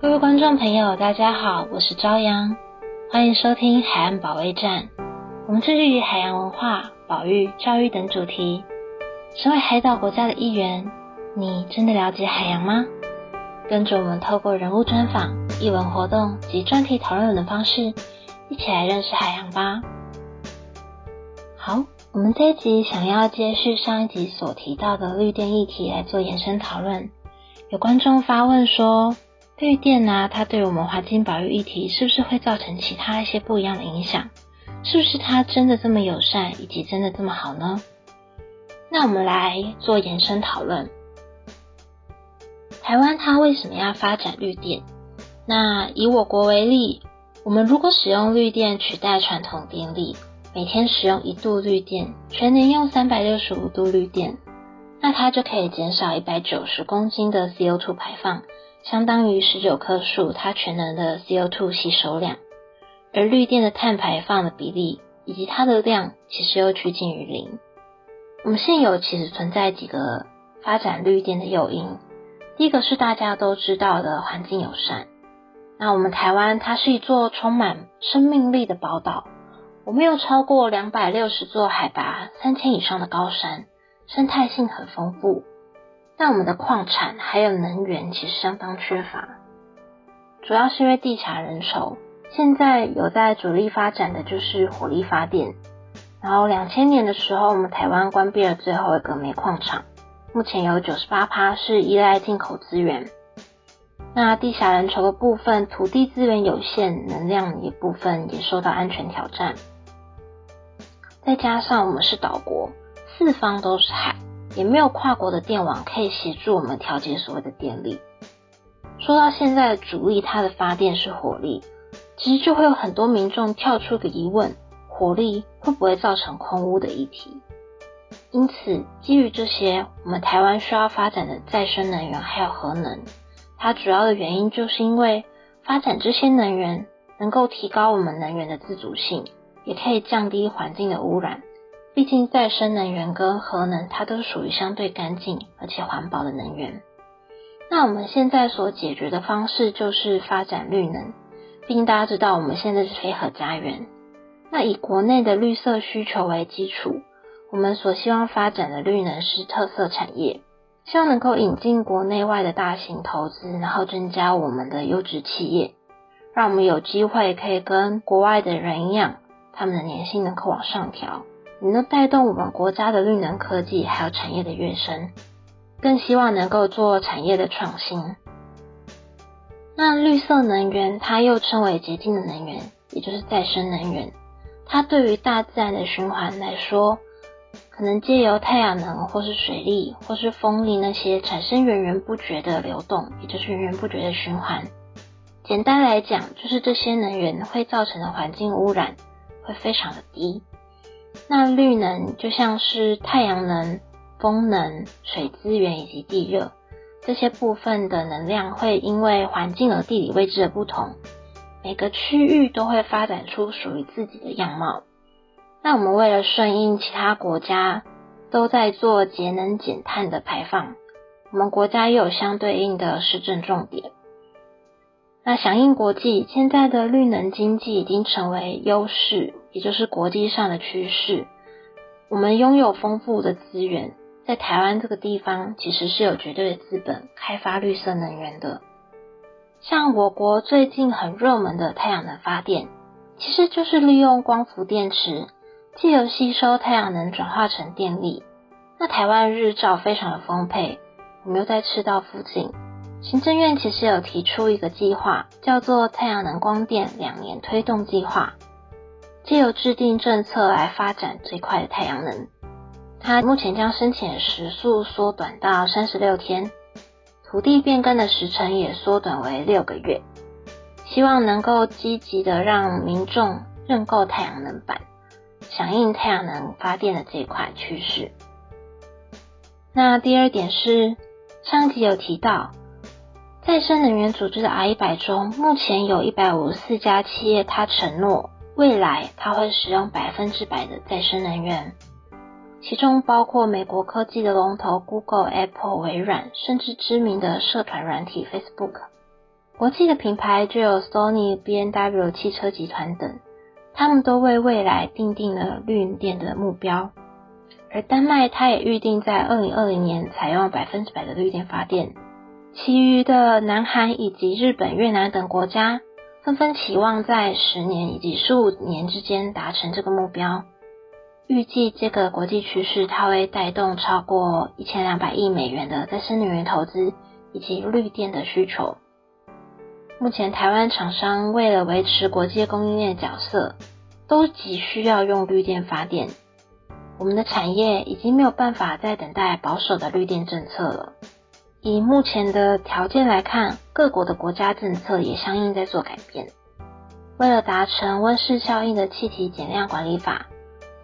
各位觀眾朋友，大家好，我是朝陽，歡迎收聽《海岸保衛戰》。我們致力於海洋文化、保育、教育等主題。身為海島國家的一員，你真的了解海洋嗎？跟着我們，透過人物專訪、藝文活動及專題討論等方式，一起來認識海洋吧。好，我們這一集想要接續上一集所提到的綠電議題來做延伸討論。有觀眾發問說。綠電呢、啊？它對我們環境保育議題是不是會造成其他一些不一樣的影響？是不是它真的這麼友善，以及真的這麼好呢？那我們來做延伸討論。台灣它為什麼要發展綠電？那以我國為例，我們如果使用綠電取代傳統電力，每天使用一度綠電，全年用三百六十五度綠電，那它就可以減少一百九十公斤的 CO₂ 排放。相當於十九棵樹它全能的 CO2 吸收量，而綠電的碳排放的比例以及它的量，其實又趨近於零。我們現有其實存在幾個發展綠電的誘因，第一個是大家都知道的環境友善。那我們台灣它是一座充滿生命力的寶島，我們有超過兩百六十座海拔三千以上的高山，生態性很豐富。那我們的礦產還有能源其實相當缺乏，主要是因為地狹人稠。現在有在主力發展的就是火力發電，然後兩千年的時候，我們台灣關閉了最後一個煤礦廠，目前有九十八趴是依賴進口資源。那地狹人稠的部分，土地資源有限，能量一部分也受到安全挑戰，再加上我們是島國，四方都是海。也沒有跨國的電網可以協助我們調節所謂的電力。說到現在的主力，它的發電是火力，其實就會有很多民眾跳出個疑問：火力會不會造成空污的議題？因此，基於這些，我們台灣需要發展的再生能源還有核能，它主要的原因就是因為發展這些能源能夠提高我們能源的自主性，也可以降低環境的污染。畢竟，再生能源跟核能，它都是屬於相對乾淨而且環保的能源。那我們現在所解決的方式就是發展綠能。畢竟，大家知道我們現在是非核家園。那以國內的綠色需求為基礎，我們所希望發展的綠能是特色產業，希望能夠引進國內外的大型投資，然後增加我們的優質企業，讓我們有機會可以跟國外的人一樣，他們的年薪能夠往上調。能帶動我們國家的綠能科技，還有產業的躍升，更希望能夠做產業的創新。那綠色能源，它又稱為潔淨的能源，也就是再生能源。它對於大自然的循環來說，可能借由太陽能或是水力或是風力，那些產生源源不絕的流動，也就是源源不絕的循環。簡單來講，就是這些能源會造成的環境污染會非常的低。那綠能就像是太陽能、風能、水資源以及地熱這些部分的能量，會因為環境和地理位置的不同，每個區域都會發展出屬於自己的樣貌。那我們為了順應其他國家都在做節能減碳的排放，我們國家也有相對應的施政重點。那響應國際，現在的綠能經濟已經成為優勢。也就是國際上的趨勢，我們擁有豐富的資源，在台灣這個地方其實是有絕對的資本開發綠色能源的。像我國最近很熱門的太陽能發電，其實就是利用光伏電池，藉由吸收太陽能轉化成電力。那台灣日照非常的豐沛，我們又在赤道附近，行政院其實有提出一個計劃，叫做太陽能光電兩年推動計劃。借由制定政策來發展最快的太陽能。它目前將申請時速縮短到三十六天，土地變更的時程也縮短為六個月，希望能夠積極的讓民眾認購太陽能板，響應太陽能發電的這塊趨勢。那第二點是，上集有提到，再生能源組織的 R 一百中，目前有一百五十四家企業，它承諾。未來，它會使用百分之百的再生能源，其中包括美國科技的龍頭 Google、Apple、微軟，甚至知名的社團軟體 Facebook。國際的品牌就有 Sony、BMW、汽車集團等，他們都為未來訂定了綠電的目標。而丹麥，它也預定在二零二零年採用百分之百的綠電發電。其餘的南韓以及日本、越南等國家。紛紛期望在十年以及十五年之間達成這個目標。預計這個國際趨勢，它會帶動超過一千兩百億美元的再生能源投資以及綠電的需求。目前台灣廠商為了維持國際供應鏈的角色，都急需要用綠電發電。我們的產業已經沒有辦法再等待保守的綠電政策了。以目前的條件來看，各國的國家政策也相應在做改變。為了達成溫室效應的氣體減量管理法，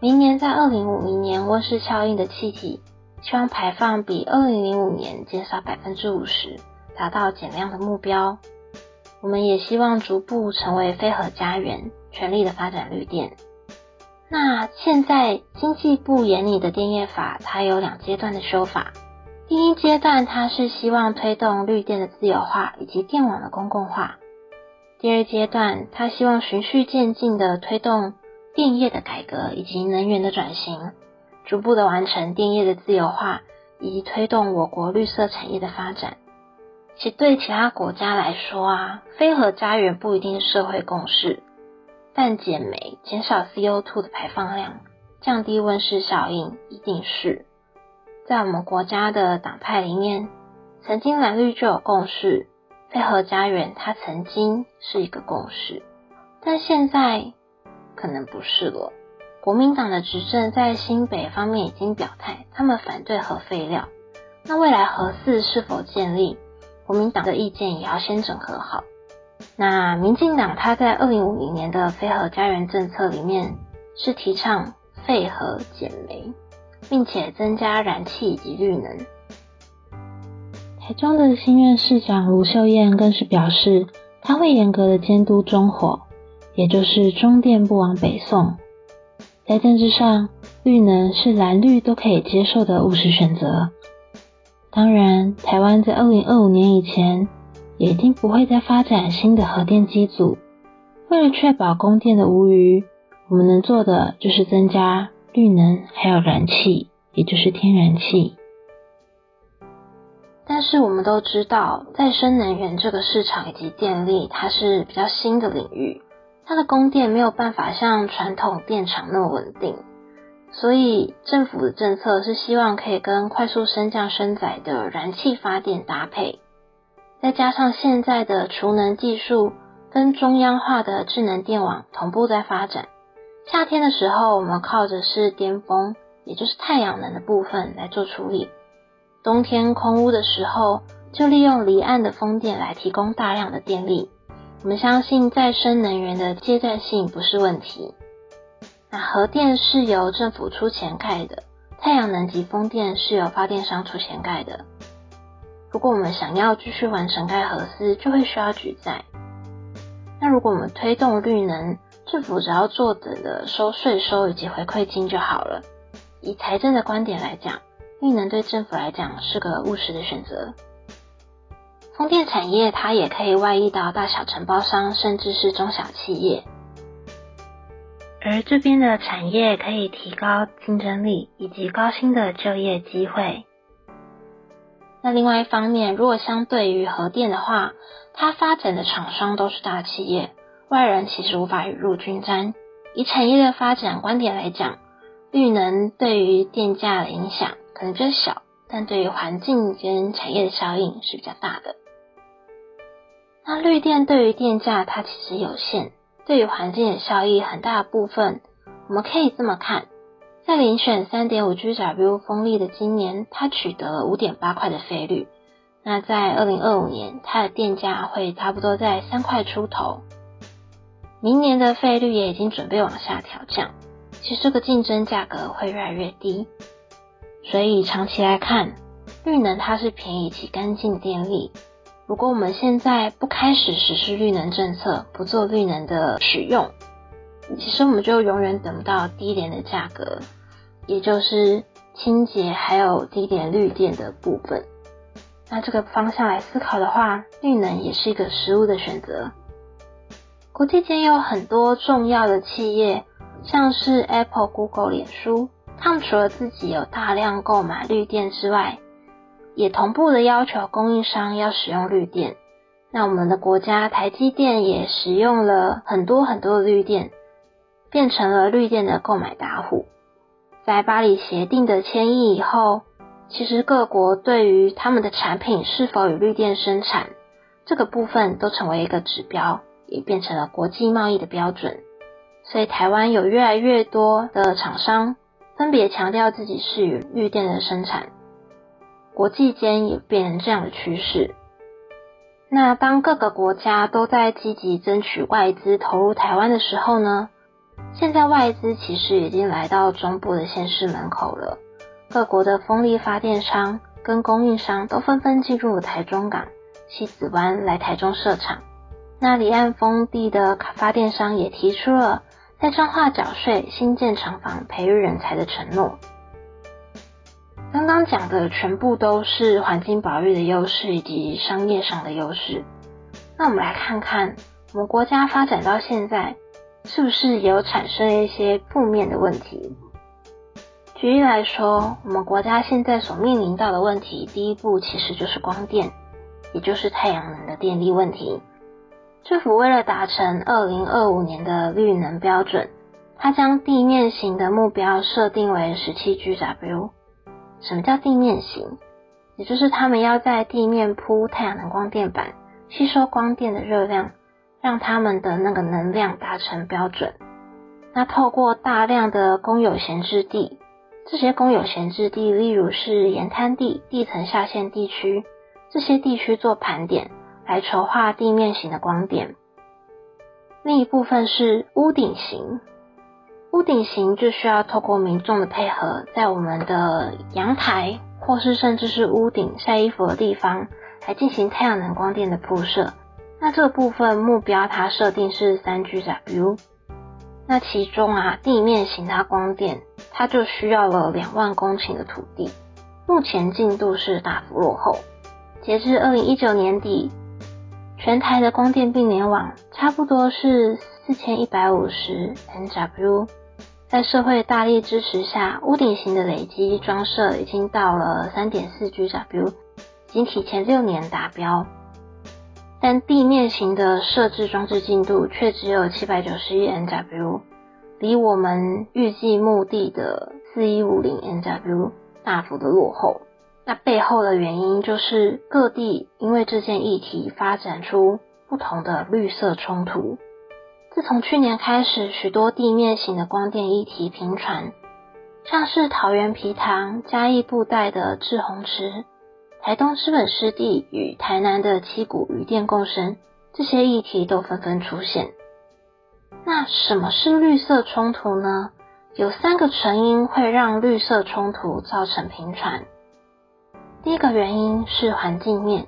明年在二零五零年溫室效應的氣體，希望排放比二零零五年減少百分之五十，達到減量的目標。我們也希望逐步成為非核家園，全力的發展綠電。那現在經濟部眼裡的電業法，它有兩階段的修法。第一階段，他是希望推動綠電的自由化以及電網的公共化。第二階段，他希望循序漸進地推動電業的改革以及能源的轉型，逐步地完成電業的自由化以及推動我國綠色產業的發展。其對其他國家來說啊，非核家園不一定社會共識，但減煤、減少 CO2 的排放量、降低溫室效應，一定是。在我們國家的黨派裡面，曾經藍綠就有共識，非核家園它曾經是一個共識，但現在可能不是了。國民黨的執政在新北方面已經表態，他們反對核廢料。那未來核四是否建立，國民黨的意見也要先整合好。那民進黨它在二零五零年的非核家園政策裡面，是提倡非核減煤。並且增加燃氣以及綠能。台中的新任市長盧秀燕更是表示，她會嚴格的監督中火，也就是中電不往北送。在政治上，綠能是藍綠都可以接受的務實選擇。當然，台灣在二零二五年以前，也一定不會再發展新的核電機組。為了確保供電的無虞，我們能做的就是增加。綠能還有燃氣，也就是天然氣。但是我們都知道，再生能源這個市場以及電力，它是比較新的領域，它的供電沒有辦法像傳統電廠那麼穩定。所以政府的政策是希望可以跟快速升降升載的燃氣發電搭配，再加上現在的儲能技術跟中央化的智能電網同步在發展。夏天的時候，我們靠著是巔峰，也就是太陽能的部分來做處理。冬天空污的時候，就利用離岸的風電來提供大量的電力。我們相信再生能源的接載性不是問題。那核電是由政府出錢蓋的，太陽能及風電是由發電商出錢蓋的。如果我們想要繼續完成蓋核四，就會需要舉債。那如果我們推動綠能，政府只要坐等的收稅收以及回饋金就好了。以財政的觀點來講，綠能對政府來講是個務實的選擇。風電產業它也可以外溢到大小承包商甚至是中小企業，而這邊的產業可以提高競爭力以及高薪的就業機會。那另外一方面，如果相對於核電的話，它發展的廠商都是大企業。外人其實無法雨露均沾。以產業的發展觀點來講，綠能對於電價的影響可能較小，但對於環境跟產業的效應是比較大的。那綠電對於電價它其實有限，對於環境的效益很大的部分，我們可以這麼看：在遴選 3.5GW 風力的今年，它取得了5.8塊的費率。那在2025年，它的電價會差不多在三塊出頭。明年的費率也已經準備往下調降，其實這個競爭價格會越來越低，所以長期來看，綠能它是便宜且乾淨電力。如果我們現在不開始實施綠能政策，不做綠能的使用，其實我們就永遠等不到低廉的價格，也就是清潔還有低廉綠電的部分。那這個方向來思考的話，綠能也是一個實務的選擇。國際間有很多重要的企業，像是 Apple、Google、臉書，他們除了自己有大量購買綠電之外，也同步的要求供應商要使用綠電。那我們的國家台積電也使用了很多很多的綠電，變成了綠電的購買大戶。在巴黎協定的簽訂以後，其實各國對於他們的產品是否與綠電生產這個部分，都成為一個指標。也變成了國際貿易的標準，所以台灣有越來越多的廠商分別強調自己是綠電的生產。國際間也變成這樣的趨勢。那當各個國家都在積極爭取外資投入台灣的時候呢？現在外資其實已經來到中部的縣市門口了。各國的風力發電商跟供應商都紛紛進入了台中港、七子灣，來台中設廠。那離岸風力的發電商也提出了在彰化繳稅、新建廠房、培育人才的承諾。剛剛講的全部都是環境保育的優勢以及商業上的優勢。那我們來看看，我們國家發展到現在，是不是也有產生一些負面的問題？舉例來說，我們國家現在所面臨到的問題，第一步其實就是光電，也就是太陽能的電力問題。政府為了達成二零二五年的綠能標準，它將地面型的目標設定為十七 GW。什麼叫地面型？也就是他們要在地面鋪太陽能光電板，吸收光電的熱量，讓他們的那個能量達成標準。那透過大量的公有閒置地，這些公有閒置地，例如是鹽灘地、地層下陷地區，這些地區做盤點。來籌劃地面型的光點。另一部分是屋頂型。屋頂型就需要透過民眾的配合，在我們的陽台或是甚至是屋頂曬衣服的地方，來進行太陽能光電的鋪設。那這部分目標它設定是三居 w 那其中啊地面型它光電，它就需要了兩萬公頃的土地，目前進度是大幅落後。截至二零一九年底。全台的光電併聯網差不多是四千一百五十 MW，在社會大力支持下，屋頂型的累積裝設已經到了三點四 GW，已經提前六年達標。但地面型的設置裝置進度卻只有七百九十一 MW，離我們預計目的的四一五零 MW 大幅的落後。那背後的原因就是各地因為這件議題發展出不同的綠色衝突。自從去年開始，許多地面型的光電議題頻傳，像是桃園埤塘、嘉義布袋的滯洪池、台東知本濕地與台南的七股漁電共生，這些議題都紛紛出現。那什麼是綠色衝突呢？有三個成因會讓綠色衝突造成頻傳。第一個原因是環境面，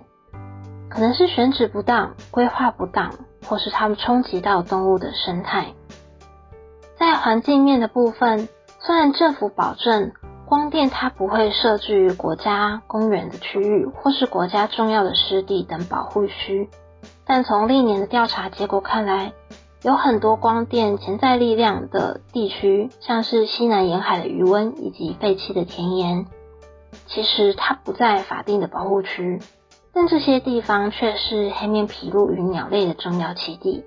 可能是選址不當、規劃不當，或是他們衝擊到動物的生態。在環境面的部分，雖然政府保證光電它不會設置於國家公園的區域，或是國家重要的濕地等保護區，但從歷年的調查結果看來，有很多光電潛在力量的地區，像是西南沿海的魚塭，以及廢棄的田鹽。其實它不在法定的保護區，但這些地方卻是黑面琵鷺與鳥類的重要棲地。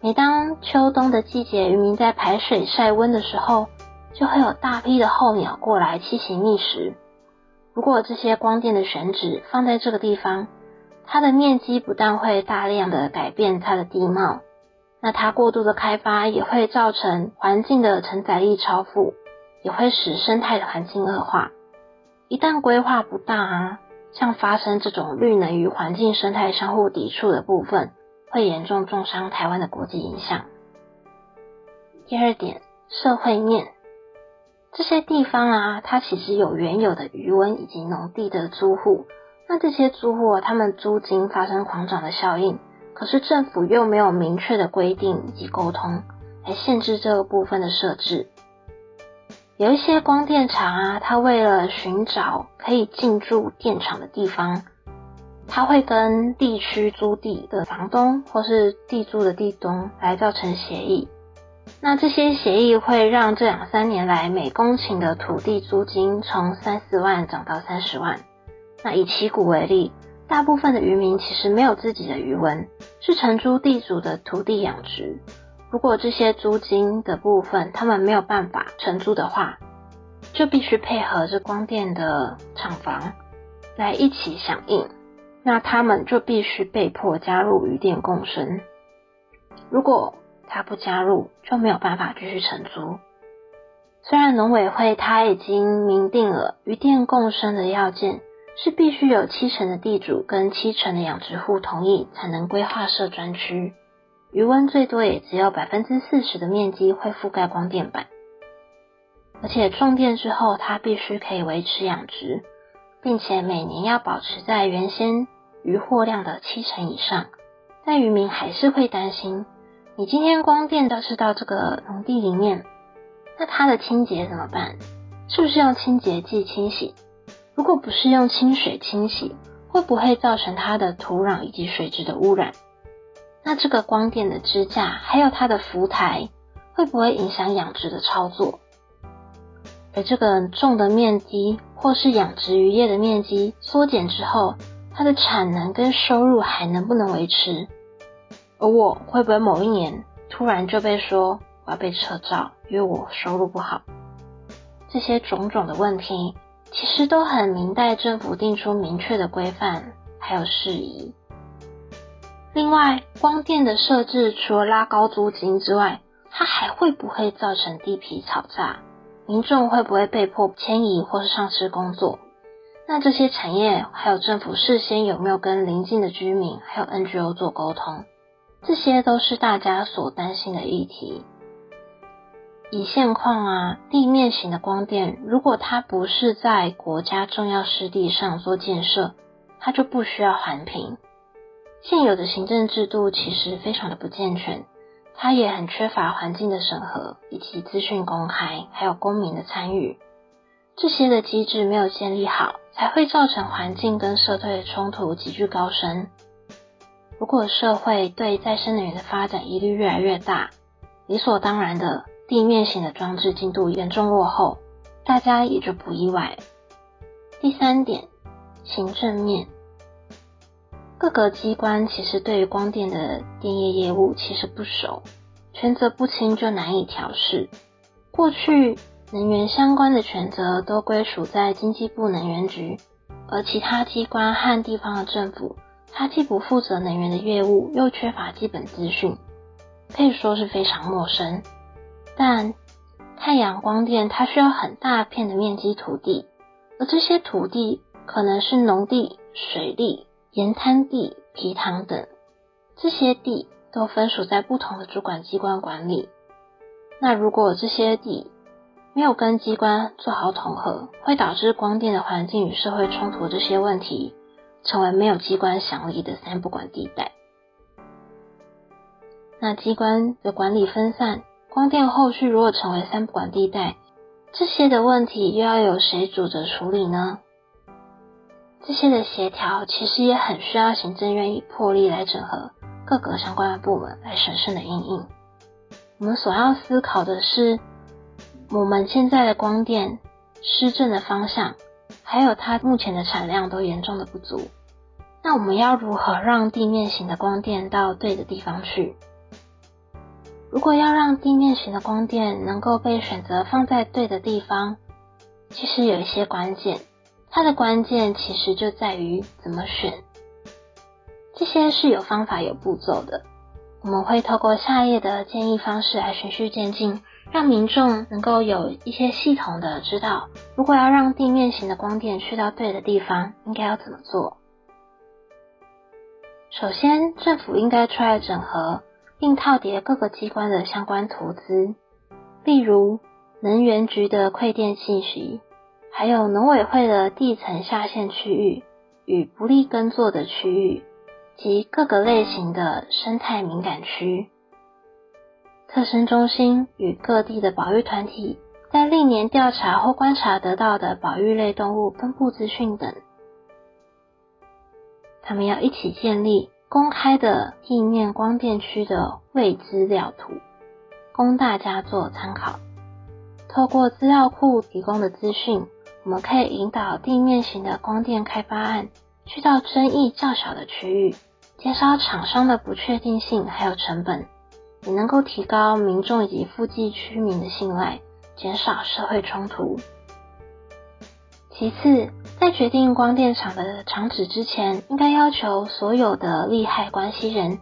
每當秋冬的季節，漁民在排水曬溫的時候，就會有大批的候鳥過來棲息覓食。如果這些光電的選址放在這個地方，它的面積不但會大量的改變它的地貌，那它過度的開發也會造成環境的承載力超負荷，也會使生態的環境惡化。一旦規劃不當啊，像發生這種綠能與環境生態相互抵觸的部分，會嚴重重傷台灣的國際影響。第二點，社會面，這些地方啊，它其實有原有的魚塭以及農地的租戶，那這些租戶他、啊、們租金發生狂漲的效應，可是政府又沒有明確的規定以及溝通來限制這個部分的設置。有一些光電廠啊，它為了尋找可以進駐電廠的地方，它會跟地區租地的房東或是地租的地東來達成協議。那這些協議會讓這兩三年來每公頃的土地租金從三四萬漲到三十萬。那以七股為例，大部分的漁民其實沒有自己的魚塭，是承租地主的土地養殖。如果這些租金的部分他們沒有辦法承租的話，就必須配合著光電的廠房來一起響應，那他們就必須被迫加入漁電共生。如果他不加入，就沒有辦法繼續承租。雖然農委會他已經明定了漁電共生的要件是必須有七成的地主跟七成的養殖戶同意才能規劃設專區。餘溫最多也只有百分之四十的面積會覆蓋光電板，而且種電之後，它必須可以維持養殖，並且每年要保持在原先漁獲量的七成以上。但漁民還是會擔心：你今天光電倒是到這個農地裡面，那它的清潔怎麼辦？是不是用清潔劑清洗？如果不是用清水清洗，會不會造成它的土壤以及水質的污染？那這個光電的支架，還有它的浮台，會不會影響養殖的操作？而這個種的面積，或是養殖漁業的面積縮減之後，它的產能跟收入還能不能維持？而我會不會某一年突然就被說我要被撤照，因為我收入不好？這些種種的問題，其實都很明代政府定出明確的規範，還有事宜。另外，光電的設置除了拉高租金之外，它還會不會造成地皮炒炸？民眾會不會被迫遷移或是喪失工作？那這些產業還有政府事先有沒有跟鄰近的居民還有 NGO 做溝通？這些都是大家所擔心的議題。以現況啊，地面型的光電，如果它不是在國家重要濕地上做建設，它就不需要環評。現有的行政制度其實非常的不健全，它也很缺乏環境的審核，以及資訊公開，還有公民的參與，這些的機制沒有建立好，才會造成環境跟社會的衝突急劇高升。如果社會對再生能源的發展疑慮越來越大，理所當然的地面型的裝置進度嚴重落後，大家也就不意外。第三點，行政面。各個機關其實對於光電的電業業務其實不熟，權責不清就難以調適。過去能源相關的權責都歸屬在經濟部能源局，而其他機關和地方的政府，它既不負責能源的業務，又缺乏基本資訊，可以說是非常陌生。但太陽光電它需要很大片的面積土地，而這些土地可能是農地、水利。鹽灘地、皮塘等，這些地都分屬在不同的主管機關管理。那如果這些地沒有跟機關做好統合，會導致光電的環境與社會衝突這些問題，成為沒有機關響應的三不管地帶。那機關的管理分散，光電後續如果成為三不管地帶，這些的問題又要由誰主責處理呢？這些的協調其實也很需要行政院以魄力來整合各個相關的部門來審慎的因應。我們所要思考的是，我們現在的光電施政的方向，還有它目前的產量都嚴重的不足。那我們要如何讓地面型的光電到對的地方去？如果要讓地面型的光電能夠被選擇放在對的地方，其實有一些關鍵。它的關鍵其實就在於怎麼選，這些是有方法有步驟的。我們會透過下頁的建議方式來循序漸進，讓民眾能夠有一些系統的知道，如果要讓地面型的光電去到對的地方，應該要怎麼做？首先，政府應該出來整合並套疊各個機關的相關圖資，例如能源局的饋電信息。還有農委會的地層下陷區域與不利耕作的區域及各個類型的生態敏感區，特生中心與各地的保育團體在歷年調查或觀察得到的保育類動物分布資訊等，他們要一起建立公開的地面光電區的位資料圖，供大家做參考。透過資料庫提供的資訊。我們可以引導地面型的光電開發案去到爭議較小的區域，減少廠商的不確定性還有成本，也能夠提高民眾以及附近居民的信賴，減少社會衝突。其次，在決定光電廠的廠址之前，應該要求所有的利害關係人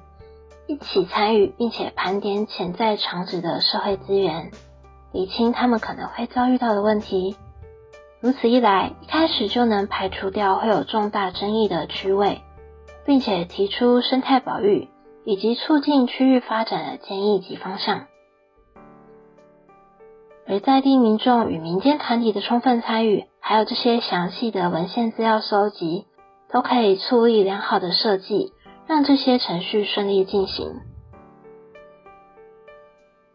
一起參與，並且盤點潛在廠址的社會資源，理清他們可能會遭遇到的問題。如此一來，一開始就能排除掉會有重大爭議的區位，並且提出生態保育以及促進區域發展的建議及方向。而在地民眾與民間團體的充分參與，還有這些詳細的文獻資料收集，都可以促進良好的設計，讓這些程序順利進行。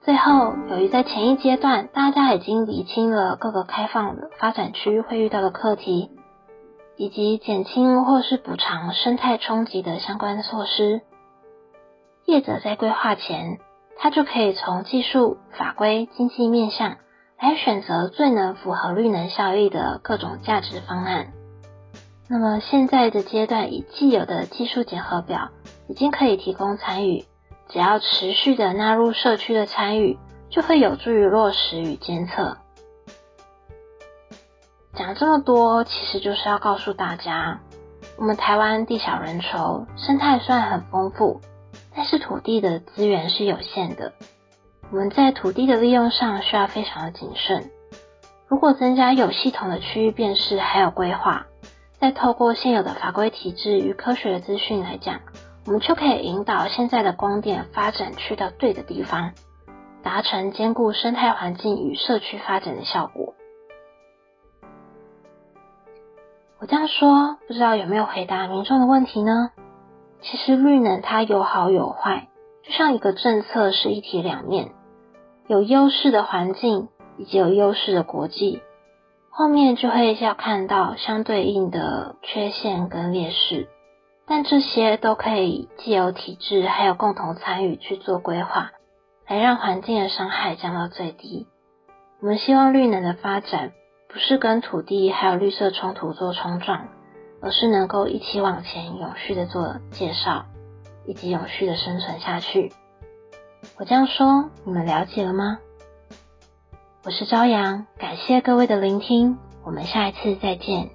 最後，由於在前一階段大家已經理清了各個開放的發展區會遇到的課題，以及減輕或是補償生態衝擊的相關措施，業者在規劃前，他就可以從技術、法規、經濟面向來選擇最能符合綠能效益的各種價值方案。那麼，現在的階段以既有的技術結合表已經可以提供參與。只要持續的納入社區的參與，就會有助於落實與監測。講這麼多，其實就是要告訴大家，我們台灣地小人稠，生態雖然很豐富，但是土地的資源是有限的。我們在土地的利用上需要非常的謹慎。如果增加有系統的區域辨識，還有規劃，再透過現有的法規體制與科學的資訊來講。我們就可以引導現在的光電發展去到對的地方，達成兼顧生態環境與社區發展的效果。我這樣說，不知道有沒有回答民眾的問題呢？其實綠能它有好有壞，就像一個政策是一體兩面，有優勢的環境以及有優勢的國際，後面就會要看到相對應的缺陷跟劣勢。但這些都可以既有體制，還有共同參與去做規劃，來讓環境的傷害降到最低。我們希望綠能的發展不是跟土地還有綠色衝突做衝撞，而是能夠一起往前永續的做介紹，以及永續的生存下去。我這樣說，你們了解了嗎？我是朝陽，感謝各位的聆聽，我們下一次再見。